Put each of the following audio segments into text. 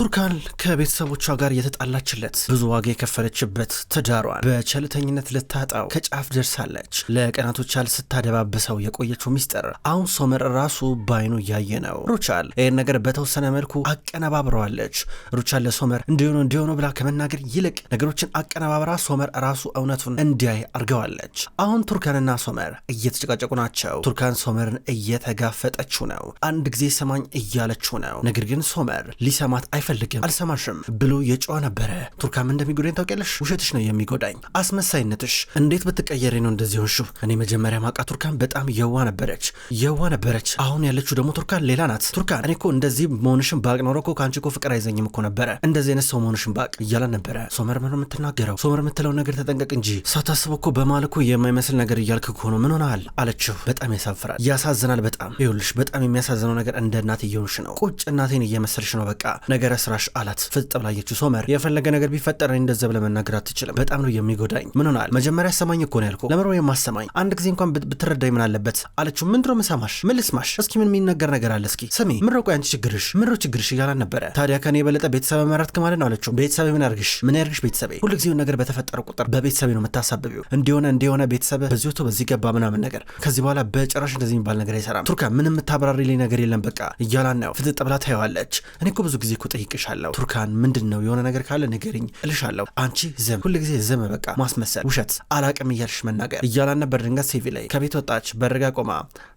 ቱርካን ከቤተሰቦቿ ጋር የተጣላችለት ብዙ ዋጋ የከፈለችበት ትዳሯን በቸልተኝነት ልታጣው ከጫፍ ደርሳለች። ለቀናቶች ያህል ስታደባብሰው የቆየችው ሚስጥር አሁን ሶመር ራሱ በአይኑ እያየ ነው። ሩቻል ይህን ነገር በተወሰነ መልኩ አቀነባብረዋለች። ሩቻል ለሶመር እንዲሆኑ እንዲሆኑ ብላ ከመናገር ይልቅ ነገሮችን አቀነባብራ ሶመር ራሱ እውነቱን እንዲያይ አድርገዋለች። አሁን ቱርካንና ሶመር እየተጨቃጨቁ ናቸው። ቱርካን ሶመርን እየተጋፈጠችው ነው። አንድ ጊዜ ሰማኝ እያለችው ነው። ነገር ግን ሶመር ሊሰማት አይፈ አልፈልግም፣ አልሰማሽም ብሎ የጨዋ ነበረ። ቱርካም እንደሚጎዳኝ ታውቂያለሽ። ውሸትሽ ነው የሚጎዳኝ፣ አስመሳይነትሽ። እንዴት ብትቀየሪ ነው እንደዚህ ሆንሽው? እኔ መጀመሪያ ማቃ ቱርካን በጣም የዋ ነበረች፣ የዋ ነበረች። አሁን ያለችው ደግሞ ቱርካን ሌላ ናት። ቱርካን እኔ እኮ እንደዚህ መሆንሽን ባቅ ኖሮ እኮ ከአንቺ እኮ ፍቅር አይዘኝም እኮ ነበረ፣ እንደዚህ አይነት ሰው መሆንሽን ባቅ እያለ ነበረ። ሶመር ምን የምትናገረው ሶመር የምትለው ነገር ተጠንቀቅ እንጂ ሳታስብ እኮ በማል እኮ የማይመስል ነገር እያልክ ከሆነ ምን ሆናል? አለችው። በጣም ያሳፍራል፣ ያሳዝናል። በጣም ይኸውልሽ፣ በጣም የሚያሳዝነው ነገር እንደ እናት እየሆንሽ ነው። ቁጭ እናቴን እየመሰልሽ ነው። በቃ ነገረ ስራሽ አላት። ፍጥ ብላ ሶመር የፈለገ ነገር ቢፈጠር እንደዛ ብለህ መናገር አትችልም። በጣም ነው የሚጎዳኝ። ምን ሆናል? መጀመሪያ ሰማኝ እኮ ነው ያልኩህ። ለምሮ የማሰማኝ አንድ ጊዜ እንኳን ብትረዳኝ ምን አለበት አለችው። ምንድሮ ምሰማሽ? ምን ልስማሽ? እስኪ ምን የሚነገር ነገር አለ? እስኪ ስሚ ምሮ፣ ቆይ አንቺ ችግርሽ ምሮ ችግርሽ እያላን ነበረ። ታዲያ ከኔ የበለጠ ቤተሰብ መራት ማለት ነው አለችው። ቤተሰብ ምን ያርግሽ? ምን ያርግሽ? ቤተሰቤ ሁልጊዜውን ነገር በተፈጠረ ቁጥር በቤተሰቤ ነው የምታሳብቢው። እንዲሆነ እንዲሆነ ቤተሰብ በዚህ ወጥቶ በዚህ ገባ ምናምን ነገር ከዚህ በኋላ በጭራሽ እንደዚህ የሚባል ነገር አይሰራም። ቱርካ ምን የምታብራሪልኝ ነገር የለም በቃ እያላን ነው። ፍጥጥ ብላ ታየዋለች። እኔ እኮ ብዙ ጊዜ ቁጥ ጠይቅሻለሁ። ቱርካን ምንድን ነው የሆነ ነገር ካለ ንገሪኝ እልሻለሁ። አንቺ ዝም፣ ጊዜ ዝም፣ በቃ ማስመሰል፣ ውሸት፣ አላቅም እያልሽ መናገር እያላን ነበር። ድንገት ሴቪ ላይ ከቤት ወጣች። በርጋ ቆማ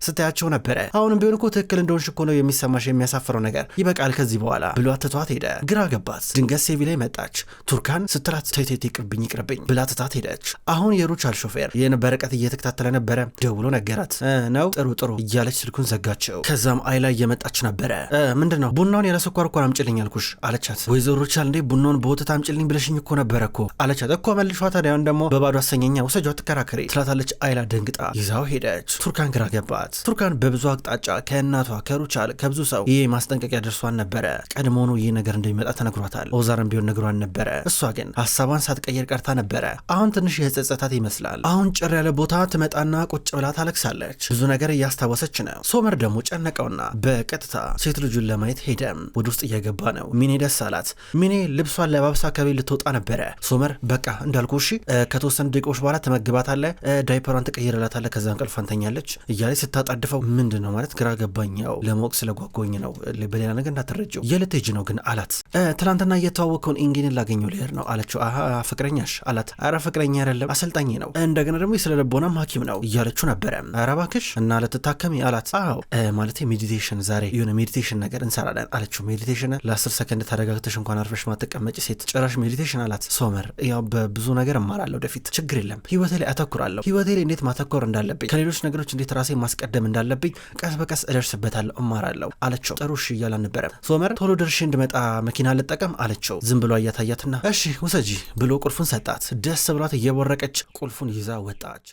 ስታያቸው ነበረ። አሁንም ቢሆን እኮ ትክክል እንደሆንሽ እኮ ነው የሚሰማሽ፣ የሚያሳፍረው ነገር ይበቃል ከዚህ በኋላ ብሎ ትቷት ሄደ። ግራ ገባት። ድንገት ሴቪ ላይ መጣች። ቱርካን ስትላት ተይቴት ይቅርብኝ፣ ይቅርብኝ ብላ ትታት ሄደች። አሁን የሩቻል ሾፌር ይህን በርቀት እየተከታተለ ነበረ። ደውሎ ነገራት ነው ጥሩ ጥሩ እያለች ስልኩን ዘጋቸው። ከዛም አይ ላይ እየመጣች ነበረ። ምንድን ነው ቡናውን ያለ ስኳር እኮ ነገርኩሽ አለቻት። ወይዘሮ ሩቻል እንዴ ቡናውን በወተት አምጭልኝ ብለሽኝ እኮ ነበረ እኮ አለቻት። እኮ መልሿ ታዲያን ደግሞ በባዶ አሰኘኛ ውሰጇ ትከራከሬ ትላታለች። አይላ ደንግጣ ይዛው ሄደች። ቱርካን ግራ ገባት። ቱርካን በብዙ አቅጣጫ ከእናቷ ከሩቻል ከብዙ ሰው ይህ ማስጠንቀቂያ ደርሷን ነበረ። ቀድሞውኑ ይህ ነገር እንደሚመጣ ተነግሯታል። ኦዛርም ቢሆን ነግሯን ነበረ። እሷ ግን ሀሳቧን ሳትቀየር ቀርታ ነበረ። አሁን ትንሽ የጸጸታት ይመስላል። አሁን ጭር ያለ ቦታ ትመጣና ቁጭ ብላ ታለቅሳለች። ብዙ ነገር እያስታወሰች ነው። ሶመር ደግሞ ጨነቀውና በቀጥታ ሴት ልጁን ለማየት ሄደም ወደ ውስጥ እየገባ ነው። ነው። ሚኔ ደስ አላት። ሚኔ ልብሷን ለባብሳ ከቤት ልትወጣ ነበረ። ሶመር በቃ እንዳልኩ እሺ፣ ከተወሰኑ ደቂቆች በኋላ ትመግባታለህ፣ ዳይፐሯን ትቀይርላታለህ፣ ከዛ እንቅልፍ አንተኛለች እያለች ስታጣድፈው ምንድን ነው ማለት ግራ ገባኛው። ለማወቅ ስለጓጓኝ ነው፣ በሌላ ነገር እንዳትረጀው። የልትጅ ነው ግን አላት። ትናንትና እየተዋወቅከውን ኢንጌንን ላገኘው ልሄድ ነው አለችው። ፍቅረኛሽ አላት። አረ ፍቅረኛ አይደለም አሰልጣኝ ነው፣ እንደገና ደግሞ የስነ ልቦናም ሐኪም ነው እያለችው ነበረ። አረ እባክሽ እና ልትታከሚ አላት። አዎ ማለት ሜዲቴሽን ዛሬ የሆነ ሜዲቴሽን ነገር እንሰራለን አለችው። ሜዲቴሽን ለአስር አስር ሰከንድ ተረጋግተሽ እንኳን አርፈሽ ማትቀመጭ ሴት ጭራሽ ሜዲቴሽን አላት። ሶመር ያው በብዙ ነገር እማራለሁ ወደፊት ችግር የለም ህይወቴ ላይ አተኩራለሁ። ህይወቴ ላይ እንዴት ማተኮር እንዳለብኝ፣ ከሌሎች ነገሮች እንዴት ራሴ ማስቀደም እንዳለብኝ ቀስ በቀስ እደርስበታለሁ፣ እማራለሁ አለችው። ጥሩ እሺ እያለ አልነበረም። ሶመር። ቶሎ ደርሼ እንድመጣ መኪና ልጠቀም አለችው። ዝም ብሎ አያታያትና እሺ ውሰጂ ብሎ ቁልፉን ሰጣት። ደስ ብሏት እየቦረቀች ቁልፉን ይዛ ወጣች።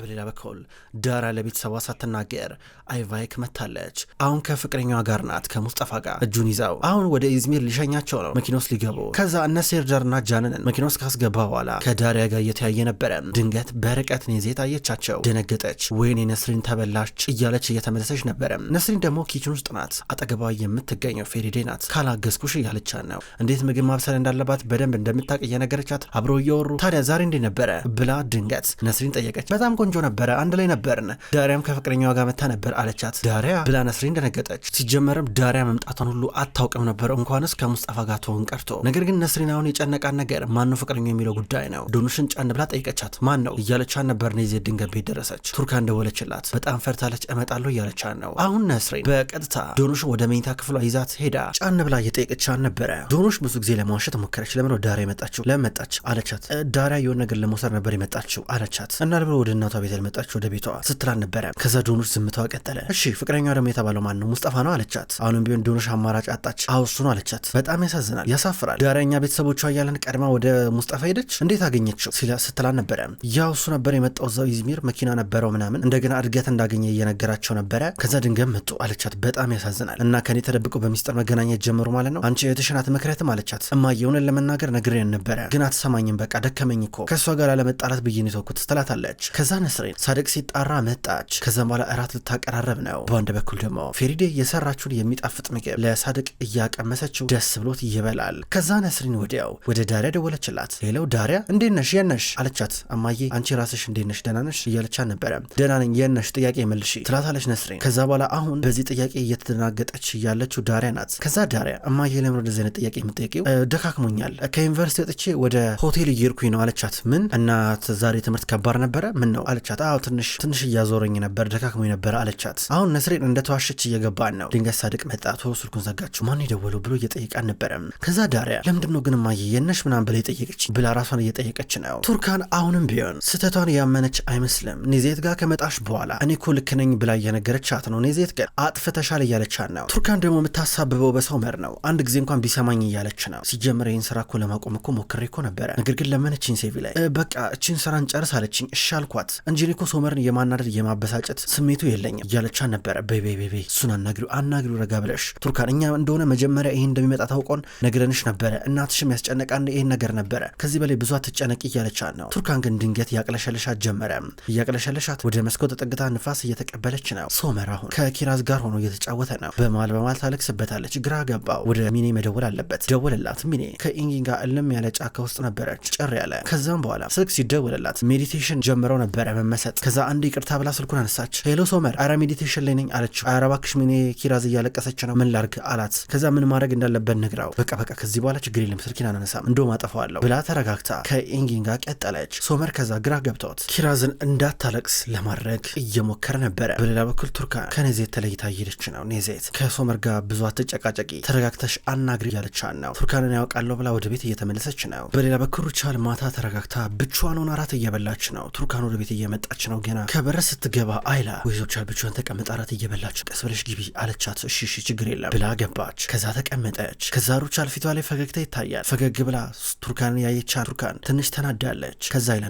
በሌላ በኩል ዳራ ለቤተሰቧ ሳትናገር አይቫይክ መታለች። አሁን ከፍቅረኛዋ ጋር ናት፣ ከሙስጠፋ ጋር እጁን ይዛው አሁን ወደ ኢዝሚር ሊሸኛቸው ነው። መኪኖስ ሊገቡ ከዛ እነ ሴርዳርና ጃንንን መኪኖስ ካስገባ በኋላ ከዳሪያ ጋር እየተያየ ነበረ። ድንገት በርቀት ኔዜት አየቻቸው፣ ደነገጠች። ወይኔ ነስሪን ተበላች እያለች እየተመለሰች ነበረ። ነስሪን ደግሞ ኪችን ውስጥ ናት። አጠገቧ የምትገኘው ፌሪዴ ናት። ካላገዝኩሽ እያለቻት ነው። እንዴት ምግብ ማብሰል እንዳለባት በደንብ እንደምታውቅ እየነገረቻት አብረው እየወሩ ታዲያ ዛሬ እንዴ ነበረ ብላ ድንገት ነስሪን ጠየቀች። በጣም ቆንጆ ነበረ፣ አንድ ላይ ነበርን። ዳሪያም ከፍቅረኛዋ ጋር መታ ነበር አለቻት። ዳሪያ ብላ ነስሪን ደነገጠች። ሲጀመርም ዳሪያ መምጣቷን ሁሉ አታውቅም ነበር እንኳንስ ከሙስጣፋ ጋር ትሆን ቀርቶ። ነገር ግን ነስሪን አሁን የጨነቃን ነገር ማነው ፍቅረኛው የሚለው ጉዳይ ነው። ዶኑሽን ጫን ብላ ጠይቀቻት። ማን ነው እያለቻን ነበር። ነይዜድን ገር ቤት ደረሰች። ቱርካን ደወለችላት። በጣም ፈርታለች። እመጣለሁ እያለቻን ነው። አሁን ነስሪን በቀጥታ ዶኑሽን ወደ መኝታ ክፍሏ ይዛት ሄዳ ጫን ብላ እየጠየቀቻን ነበረ። ዶኖሽ ብዙ ጊዜ ለመዋሸት ሞከረች። ለምን ዳሪያ የመጣችው ለምን መጣች አለቻት። ዳሪያ የሆነ ነገር ለመውሰድ ነበር የመጣችው አለቻት። እና ልብሎ ወደ እናቷ ከአባቷ ቤት ያልመጣች ወደ ቤቷ ስትላል ነበረ። ከዛ ዶኖሽ ዝምታዋ ቀጠለ። እሺ ፍቅረኛ ደግሞ የተባለው ማን ነው? ሙስጠፋ ነው አለቻት። አሁንም ቢሆን ዶኖሽ አማራጭ አጣች። አውሱ ነው አለቻት። በጣም ያሳዝናል፣ ያሳፍራል። ዳረኛ ቤተሰቦቿ እያለን ቀድማ ወደ ሙስጠፋ ሄደች፣ እንዴት አገኘችው ስትላል ነበረ። ያው እሱ ነበር የመጣው እዛው ይዝሚር መኪና ነበረው ምናምን፣ እንደገና እድገት እንዳገኘ እየነገራቸው ነበረ። ከዛ ድንገም መጡ አለቻት። በጣም ያሳዝናል እና ከኔ ተደብቆ በሚስጥር መገናኘት ጀመሩ ማለት ነው። አንቺ የተሸናት መክረትም አለቻት። እማየውን ለመናገር ነግሬን ነበረ፣ ግን አትሰማኝም። በቃ ደከመኝ እኮ ከእሷ ጋር ለመጣላት ብዬን የተውኩት ትላታለች። ከዛ ነስሪን ሳድቅ ሲጣራ መጣች። ከዛም በኋላ እራት ልታቀራረብ ነው። በአንድ በኩል ደግሞ ፌሪዴ የሰራችውን የሚጣፍጥ ምግብ ለሳድቅ እያቀመሰችው ደስ ብሎት ይበላል። ከዛ ነስሪን ወዲያው ወደ ዳሪያ ደወለችላት። ሌላው ዳሪያ እንዴት ነሽ የነሽ አለቻት። አማዬ አንቺ ራስሽ እንዴት ነሽ ደህና ነሽ እያለች ነበረ። ደህና ነኝ የነሽ ጥያቄ መልሺ ትላታለች ነስሪን። ከዛ በኋላ አሁን በዚህ ጥያቄ እየተደናገጠች እያለችው ዳሪያ ናት። ከዛ ዳሪያ አማዬ ለምን ወደዚህ አይነት ጥያቄ የምጠይቂው ደካክሞኛል፣ ከዩኒቨርሲቲ ወጥቼ ወደ ሆቴል እየርኩኝ ነው አለቻት። ምን እናት ዛሬ ትምህርት ከባድ ነበረ ምን ነው አለቻት። አዎ ትንሽ ትንሽ እያዞረኝ ነበር ደካክሞ ነበር አለቻት። አሁን ነስሬን እንደተዋሸች እየገባን ነው። ድንገት ሳድቅ መጣ። ቶሎ ስልኩን ዘጋችሁ። ማን የደወለው ብሎ እየጠየቀ አልነበረም። ከዛ ዳሪያ ለምንድነው ግን ማየ የነሽ ምናምን ብላ የጠየቀች ብላ ራሷን እየጠየቀች ነው። ቱርካን አሁንም ቢሆን ስህተቷን ያመነች አይመስልም። ኔዜት ጋር ከመጣሽ በኋላ እኔ እኮ ልክ ነኝ ብላ እየነገረቻት ነው። ኔዜት ግን አጥፍተሻል እያለቻት ነው። ቱርካን ደግሞ የምታሳብበው በሰው መር ነው። አንድ ጊዜ እንኳን ቢሰማኝ እያለች ነው። ሲጀምር ይህን ስራ እኮ ለማቆም እኮ ሞክሬ እኮ ነበረ፣ ነገር ግን ለመነችኝ ሴቪ ላይ በቃ እችን ስራን ጨርስ አለችኝ። እሻልኳት እንጂ እኔ ሶመርን የማናደድ የማበሳጨት ስሜቱ የለኝም እያለቻ ነበረ። ቤቤቤቤ እሱን አናግሪው አናግሪው ረጋ ብለሽ ቱርካን፣ እኛ እንደሆነ መጀመሪያ ይሄ እንደሚመጣ ታውቆን ነግረንሽ ነበረ። እናትሽም ያስጨነቃን ይሄን ነገር ነበረ። ከዚህ በላይ ብዙ አትጨነቂ እያለቻ ነው። ቱርካን ግን ድንገት ያቅለሸለሻት ጀመረ። እያቅለሸለሻት ወደ መስኮት ተጠግታ ንፋስ እየተቀበለች ነው። ሶመር አሁን ከኪራዝ ጋር ሆኖ እየተጫወተ ነው። በማል በማል ታለቅስበታለች። ግራ ገባው። ወደ ሚኔ መደወል አለበት። ደወለላት። ሚኔ ከኢንጊ ጋር እልም ያለ ጫካ ውስጥ ነበረች፣ ጭር ያለ። ከዛም በኋላ ስልክ ሲደወልላት ሜዲቴሽን ጀምረው ነበር ነበረ መመሰጥ። ከዛ አንድ ይቅርታ ብላ ስልኩን አነሳች። ሄሎ ሶመር፣ አረ ሜዲቴሽን ላይ ነኝ አለችው። አረ እባክሽ ሚኔ ኪራዝ እያለቀሰች ነው ምን ላርግ አላት። ከዛ ምን ማድረግ እንዳለበት ነግራው በቃ በቃ ከዚህ በኋላ ችግር የለም ስልኪን አናነሳም እንደውም አጠፋዋለሁ ብላ ተረጋግታ ከኢንጊን ጋር ቀጠለች። ሶመር ከዛ ግራ ገብተውት ኪራዝን እንዳታለቅስ ለማድረግ እየሞከረ ነበረ። በሌላ በኩል ቱርካን ከኔዜት ተለይታ እየሄደች ነው። ኔዜት ከሶመር ጋር ብዙ አትጨቃጨቂ፣ ተረጋግተሽ አናግሪ እያለቻት ነው። ቱርካንን ያውቃለሁ ብላ ወደ ቤት እየተመለሰች ነው። በሌላ በኩል ሩቻል ማታ ተረጋግታ ብቻዋን ሆና እራት እየበላች ነው። ቱርካን ወደ ቤት እየመጣች ነው ገና ከበር ስትገባ አይላ ወይዞቻል ብቻዋን ተቀምጣ ራት እየበላች ቀስ ብለሽ ግቢ አለቻት። እሺ እሺ ችግር የለም ብላ ገባች። ከዛ ተቀመጠች። ከዛ ሩቻል ፊቷ ላይ ፈገግታ ይታያል። ፈገግ ብላ ቱርካን ያየቻ ቱርካን ትንሽ ተናዳለች። ከዛ አይላ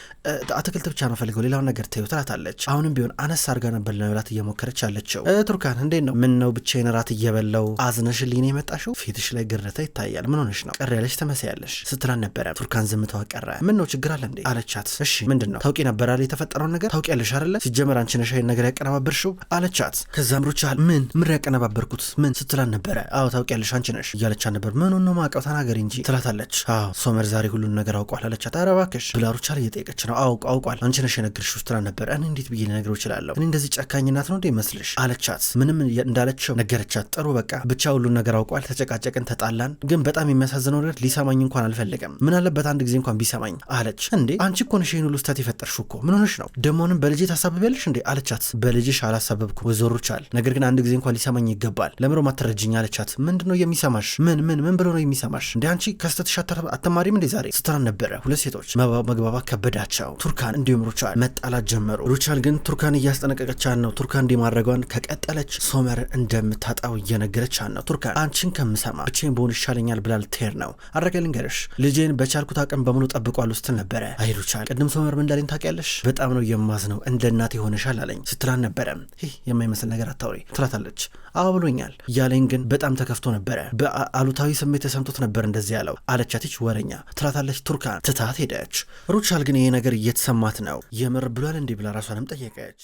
አትክልት ብቻ ነው ፈልገው ሌላውን ነገር ተዩ ትላታለች። አሁንም ቢሆን አነስ አድርጋ ነበር ለመብላት እየሞከረች አለችው። ቱርካን እንዴት ነው ምን ነው ብቻዬን ራት እየበላው አዝነሽልኝ ነው የመጣሽው? ፊትሽ ላይ ግርታ ይታያል። ምን ሆነሽ ነው? ቀር ያለሽ ትመስያለሽ ስትላን ነበረ። ቱርካን ዝምታዋ ቀረ። ምን ነው ችግር አለ እንዴ አለቻት። እሺ ምንድን ነው ታውቂ ነበር አለ የተፈጠረውን ነገር ታውቂያለሽ አይደለ? ሲጀመር አንቺ ነሽ ይሄን ነገር ያቀነባበርሽው አለቻት። ከዛም ሩቻል ምን ምን ያቀነባበርኩት ምን ስትላን ነበረ። አዎ ታውቂያለሽ አንቺ ነሽ እያለቻት ነበር። ምን ነው ማቀው ተናገሪ እንጂ ትላታለች። አዎ ሶመር ዛሬ ሁሉን ነገር አውቋል አለቻት። ኧረ እባክሽ ብላ ሩቻል እየጠየቀች ነው። አውቅ አውቋል አንቺ ነሽ የነገርሽው ስትላን ነበር። እኔ እንዴት ብዬ ልነግረው እችላለሁ? እኔ እንደዚህ ጨካኝ እናት ነው እንዴ መስልሽ? አለቻት። ምንም እንዳለችው ነገረቻት። ጥሩ በቃ ብቻ ሁሉን ነገር አውቋል። ተጨቃጨቅን፣ ተጣላን። ግን በጣም የሚያሳዝነው ነገር ሊሰማኝ እንኳን አልፈለገም። ምን አለበት አንድ ጊዜ እንኳን ቢሰማኝ አለች። እንዴ አንቺ እኮ ነሽ ይህን ሁሉ ስህተት የፈጠርሽው እኮ ምን ሆነሽ ነው ነው። ደሞንም በልጄ ታሳብቢያለሽ እንዴ አለቻት። በልጅሽ አላሳበብኩም ወይዘሮቻል፣ ነገር ግን አንድ ጊዜ እንኳን ሊሰማኝ ይገባል። ለምሮ ማትረጅኝ አለቻት። ምንድን ነው የሚሰማሽ? ምን ምን ምን ብሎ ነው የሚሰማሽ? እንደ አንቺ ከስተትሽ አተማሪም እንዴ ዛሬ ስትራን ነበረ። ሁለት ሴቶች መግባባት ከበዳቸው። ቱርካን እንዲሁም ሩቻል መጣላት ጀመሩ። ሩቻል ግን ቱርካን እያስጠነቀቀቻን ነው። ቱርካን እንዲህ ማድረጓን ከቀጠለች ሶመር እንደምታጣው እየነገረቻን ነው። ቱርካን አንቺን ከምሰማ ብቻዬን በሆን ይሻለኛል ብላል ልትሄድ ነው። አረገ ልንገርሽ ልጄን በቻልኩት አቅም በሙሉ ጠብቋል ውስጥል ነበረ። አይ ሩቻል፣ ቅድም ሶመር ምን እንዳለኝ ታውቂያለሽ? በጣም ነው የማዝ ነው እንደ እናት የሆነሻል አለኝ ስትላን ነበረ። ይህ የማይመስል ነገር አታውሪ ትላታለች። አዎ ብሎኛል እያለኝ ግን በጣም ተከፍቶ ነበረ። በአሉታዊ ስሜት ተሰምቶት ነበር እንደዚህ ያለው አለቻትች ወረኛ ትላታለች። ቱርካን ትታት ሄደች። ሩቻል ግን ይሄ ነገር እየተሰማት ነው የምር ብሏል እንዲህ ብላ ራሷንም ጠየቀች።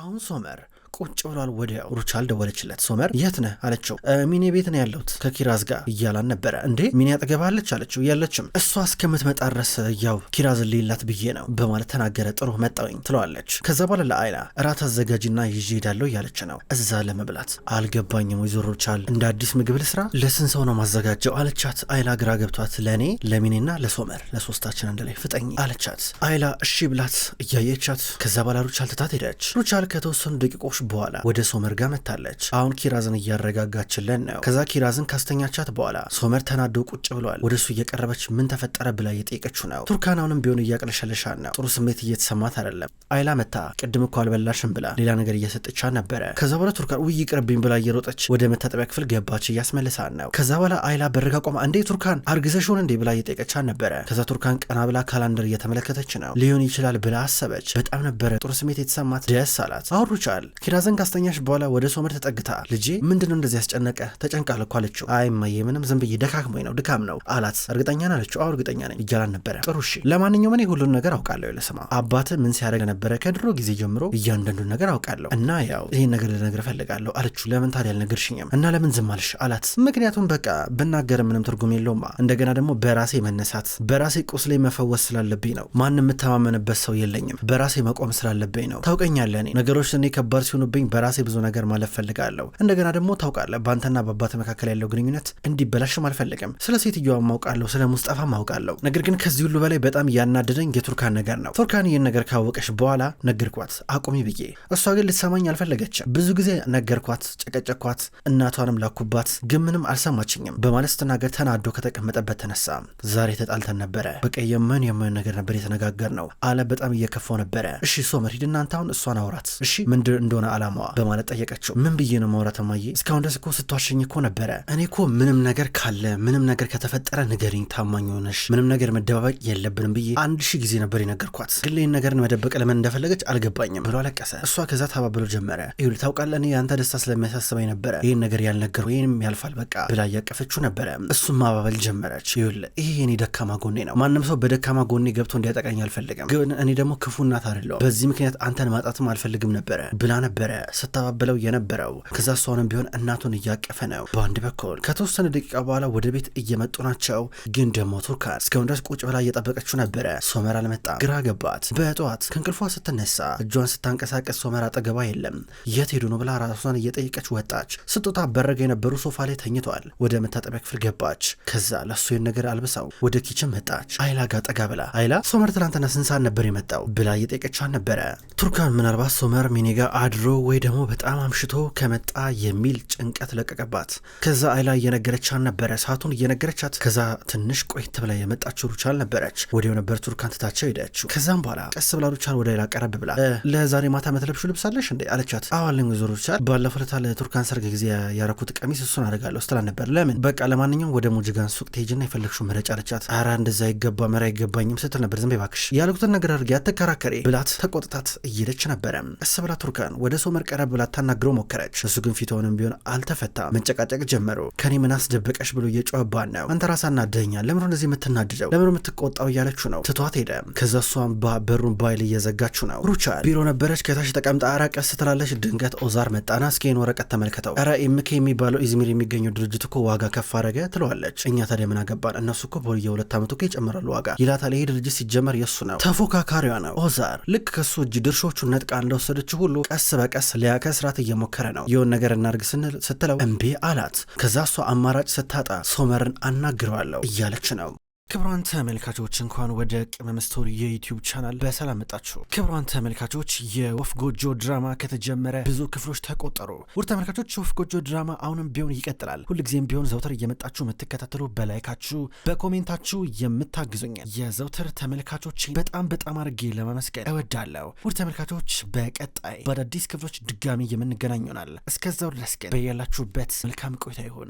አሁን ሶመር ቁጭ ብሏል። ወደ ሩቻል ደወለችለት። ሶመር የት ነህ አለችው። ሚኔ ቤት ነው ያለሁት ከኪራዝ ጋር እያላን ነበረ። እንዴ ሚኔ አጠገባለች አለችው። የለችም እሷ እስከምትመጣ ድረስ ያው ኪራዝ ሌላት ብዬ ነው በማለት ተናገረ። ጥሩ መጣውኝ ትለዋለች። ከዛ በኋላ ለአይላ እራት አዘጋጅና ይዤ ሄዳለሁ እያለች ነው እዛ ለመብላት አልገባኝም። ወይዘሮ ሩቻል እንደ አዲስ ምግብ ልስራ ለስንት ሰው ነው ማዘጋጀው አለቻት። አይላ ግራ ገብቷት ለእኔ ለሚኔና ለሶመር ለሶስታችን አንድ ላይ ፍጠኝ አለቻት። አይላ እሺ ብላት እያየቻት ከዛ በኋላ ሩቻል ትታት ሄደች። ሩቻል ከተወሰኑ ደቂቆች በኋላ ወደ ሶመር ጋር መታለች። አሁን ኪራዝን እያረጋጋችለን ነው። ከዛ ኪራዝን ካስተኛቻት በኋላ ሶመር ተናዶ ቁጭ ብሏል። ወደ እሱ እየቀረበች ምን ተፈጠረ ብላ እየጠየቀችው ነው። ቱርካን አሁንም ቢሆን እያቅለሸለሻን ነው። ጥሩ ስሜት እየተሰማት አይደለም። አይላ መታ ቅድም እኮ አልበላሽም ብላ ሌላ ነገር እየሰጠቻ ነበረ። ከዛ በኋላ ቱርካን ውይ ይቅርብኝ ብላ እየሮጠች ወደ መታጠቢያ ክፍል ገባች። እያስመልሳን ነው። ከዛ በኋላ አይላ በርጋ ቆማ እንዴ ቱርካን አርግዘሽ ሆነ እንዴ ብላ እየጠየቀቻ ነበረ። ከዛ ቱርካን ቀና ብላ ካላንደር እየተመለከተች ነው። ሊሆን ይችላል ብላ አሰበች። በጣም ነበረ ጥሩ ስሜት የተሰማት። ደስ አላት። አውሩቻል ኪራ ሄራዘን ካስተኛሽ በኋላ ወደ ሶመር ተጠግታ ልጄ ምንድነው እንደዚህ ያስጨነቀ ተጨንቃል እኮ አለችው። አይ እማዬ ምንም ዝም ብዬ ደካክሞኝ ነው ድካም ነው አላት። እርግጠኛ ነህ አለችው። አዎ እርግጠኛ ነኝ እያላን ነበረ። ጥሩ እሺ፣ ለማንኛውም እኔ ሁሉን ነገር አውቃለሁ። ለስማ አባት ምን ሲያደርግ ነበረ ከድሮ ጊዜ ጀምሮ እያንዳንዱን ነገር አውቃለሁ እና ያው ይህን ነገር ልነግርህ እፈልጋለሁ አለችው። ለምን ታዲያ አልነገርሽኝም እና ለምን ዝም አልሽ አላት። ምክንያቱም በቃ ብናገር ምንም ትርጉም የለውማ እንደገና ደግሞ በራሴ መነሳት በራሴ ቁስሌ መፈወስ ስላለብኝ ነው። ማንም የምተማመንበት ሰው የለኝም። በራሴ መቆም ስላለብኝ ነው። ታውቀኛለህ እኔ ነገሮች እኔ ከባድ ሲሆ ሲሆኑብኝ በራሴ ብዙ ነገር ማለፍ ፈልጋለሁ። እንደገና ደግሞ ታውቃለህ፣ በአንተና በአባት መካከል ያለው ግንኙነት እንዲበላሽም አልፈልግም። ስለ ሴትዮዋ ማውቃለሁ፣ ስለ ሙስጠፋ ማውቃለሁ። ነገር ግን ከዚህ ሁሉ በላይ በጣም ያናደደኝ የቱርካን ነገር ነው። ቱርካን ይህን ነገር ካወቀሽ በኋላ ነገርኳት አቁሚ ብዬ፣ እሷ ግን ልትሰማኝ አልፈለገችም። ብዙ ጊዜ ነገርኳት፣ ጨቀጨኳት፣ እናቷንም ላኩባት፣ ግን ምንም አልሰማችኝም በማለት ስትናገር ተናዶ ከተቀመጠበት ተነሳ። ዛሬ ተጣልተን ነበረ፣ በቃ የምን የምን ነገር ነበር የተነጋገር ነው አለ። በጣም እየከፋው ነበረ። እሺ ሶመር ሂድና አንተ አሁን እሷን አውራት እሺ ምንድር እንደሆነ ሆነ አላማዋ በማለት ጠየቀችው። ምን ብዬ ነው ማውራት እማዬ? እስካሁን ድረስ እኮ ስትዋሸኝ እኮ ነበረ። እኔ እኮ ምንም ነገር ካለ ምንም ነገር ከተፈጠረ ንገሪኝ፣ ታማኝ ሆነሽ ምንም ነገር መደባበቅ የለብንም ብዬ አንድ ሺህ ጊዜ ነበር የነገርኳት፣ ግን ይህን ነገርን መደበቅ ለምን እንደፈለገች አልገባኝም ብሎ አለቀሰ። እሷ ከዛ ታባብሎ ጀመረ። ይኸውልህ ታውቃለህ፣ እኔ ያንተ ደስታ ስለሚያሳስበኝ ነበረ ይህን ነገር ያልነገር ወይም ያልፋል በቃ ብላ እያቀፈችው ነበረ። እሱም ማባበል ጀመረች። ይኸውልህ ይሄ የኔ ደካማ ጎኔ ነው። ማንም ሰው በደካማ ጎኔ ገብቶ እንዲያጠቃኝ አልፈልግም፣ ግን እኔ ደግሞ ክፉ እናት አይደለሁም። በዚህ ምክንያት አንተን ማጣትም አልፈልግም ነበረ ብላ ነበር ነበረ ስታባብለው የነበረው። ከዛ እሷንም ቢሆን እናቱን እያቀፈ ነው በአንድ በኩል። ከተወሰነ ደቂቃ በኋላ ወደ ቤት እየመጡ ናቸው። ግን ደግሞ ቱርካን እስካሁን ድረስ ቁጭ ብላ እየጠበቀችው ነበረ። ሶመር አልመጣም፣ ግራ ገባት። በጠዋት ከእንቅልፏ ስትነሳ እጇን ስታንቀሳቀስ ሶመር አጠገቧ የለም። የት ሄዱ ነው ብላ ራሷን እየጠየቀች ወጣች። ስትወጣ በረጋ የነበሩ ሶፋ ላይ ተኝቷል። ወደ መታጠቢያ ክፍል ገባች። ከዛ ለሱ ነገር አልብሳው ወደ ኪችን መጣች። አይላ ጋር ጠጋ ብላ አይላ ሶመር ትላንትና ስንት ሰዓት ነበር የመጣው ብላ እየጠየቀቻት ነበረ። ቱርካን ምናልባት ሶመር ሚኔጋ ጋር አድሮ አድሮ ወይ ደግሞ በጣም አምሽቶ ከመጣ የሚል ጭንቀት ለቀቀባት። ከዛ አይላ እየነገረቻት ነበረ፣ ሰዓቱን እየነገረቻት። ከዛ ትንሽ ቆይት ብላ የመጣችው ሩቻል ነበረች። ወዲያው ነበር ቱርካን ትታቸው ሄደችው። ከዛም በኋላ ቀስ ብላ ሩቻል ወደ አይላ ቀረብ ብላ ለዛሬ ማታ መትለብሹ ልብሳለሽ እንዴ አለቻት። አዋለኝ ዞ ሩቻል፣ ባለፈው ለታ ለቱርካን ሰርግ ጊዜ ያረኩት ቀሚስ እሱን አደርጋለሁ ስትላ ነበር። ለምን በቃ ለማንኛውም ወደ ሙጅጋን ሱቅ ትሄጂና የፈለግሹ መረጫ አለቻት። አራ እንደዛ ይገባ መራ አይገባኝም ስትል ነበር። ዝም ባክሽ ያልኩትን ነገር አድርጌ አትከራከሬ ብላት ተቆጥታት እየሄደች ነበረ። ቀስ ብላ ቱርካን ወደ ሶመር ቀረብ ብላ ታናግረው ሞከረች። እሱ ግን ፊትሆንም ቢሆን አልተፈታም። መንጨቃጨቅ ጀመሩ። ከኔ ምን አስደበቀሽ ብሎ እየጮኸባን ነው። አንተ ራስህ አናደኸኛል። ለምሮ እንደዚህ የምትናድደው ለምሮ የምትቆጣው እያለችው ነው። ትቷት ሄደ። ከዛ እሷን በሩን ባይል እየዘጋችሁ ነው። ሩቻል ቢሮ ነበረች። ከታች ተቀምጣ አራቀስ ትላለች ድንገት ኦዛር መጣና እስኪን ወረቀት ተመልከተው። ረ ኤምኬ የሚባለው ኢዝሚር የሚገኘው ድርጅት እኮ ዋጋ ከፍ አረገ ትለዋለች። እኛ ታዲያ ምን አገባን? እነሱ እኮ ሁለት ዓመቱ እኮ ይጨምራሉ ዋጋ ይላታል። ይሄ ድርጅት ሲጀመር የእሱ ነው፣ ተፎካካሪዋ ነው። ኦዛር ልክ ከሱ እጅ ድርሾቹን ነጥቃ እንደወሰደች ሁሉ ቀስ በ በቀስ ሊያከስራት እየሞከረ ነው። ይሁን ነገር እናርግ ስንል ስትለው እምቢ አላት። ከዛ እሷ አማራጭ ስታጣ ሶመርን አናግረዋለሁ እያለች ነው። ክብሯን ተመልካቾች እንኳን ወደ ቅመም ስቶሪ የዩቲዩብ ቻናል በሰላም መጣችሁ። ክብሯን ተመልካቾች የወፍ ጎጆ ድራማ ከተጀመረ ብዙ ክፍሎች ተቆጠሩ። ውድ ተመልካቾች ወፍ ጎጆ ድራማ አሁንም ቢሆን ይቀጥላል። ሁልጊዜም ቢሆን ዘውትር እየመጣችሁ የምትከታተሉ በላይካችሁ፣ በኮሜንታችሁ የምታግዙኛል የዘውትር ተመልካቾች በጣም በጣም አድርጌ ለማመስገን እወዳለሁ። ውድ ተመልካቾች በቀጣይ በአዳዲስ ክፍሎች ድጋሚ የምንገናኝ ይሆናል። እስከዛው ድረስ ግን በያላችሁበት መልካም ቆይታ ይሁን።